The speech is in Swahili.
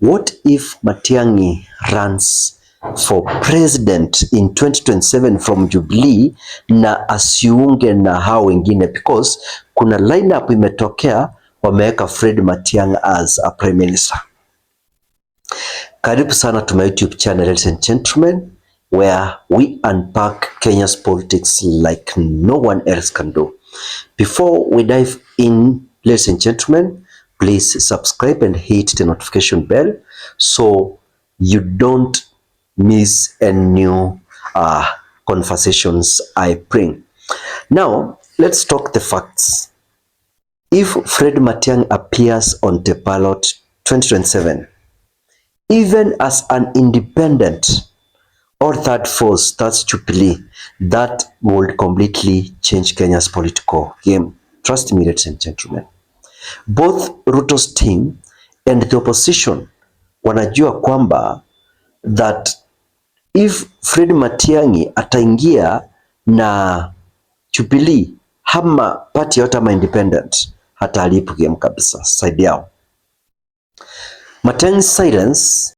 What if Matiang'i runs for president in 2027 from Jubilee na asiunge na hao wengine because kuna lineup imetokea, wameweka Fred Matiang'i as a prime minister. Karibu sana to my YouTube channel, ladies and gentlemen, where we unpack Kenya's politics like no one else can do. Before we dive in, ladies and gentlemen, please subscribe and hit the notification bell so you don't miss a new uh, conversations I bring. Now, let's talk the facts. If Fred matiang appears on the ballot 2027, even as an independent or third force, that's Jubilee, that would completely change Kenya's political game. Trust me, ladies and gentlemen. Both Ruto's team and the opposition wanajua kwamba that if Fred Matiang'i ataingia na Jubilee hama party yote ama independent hataharibu game kabisa side yao. Matiang'i's silence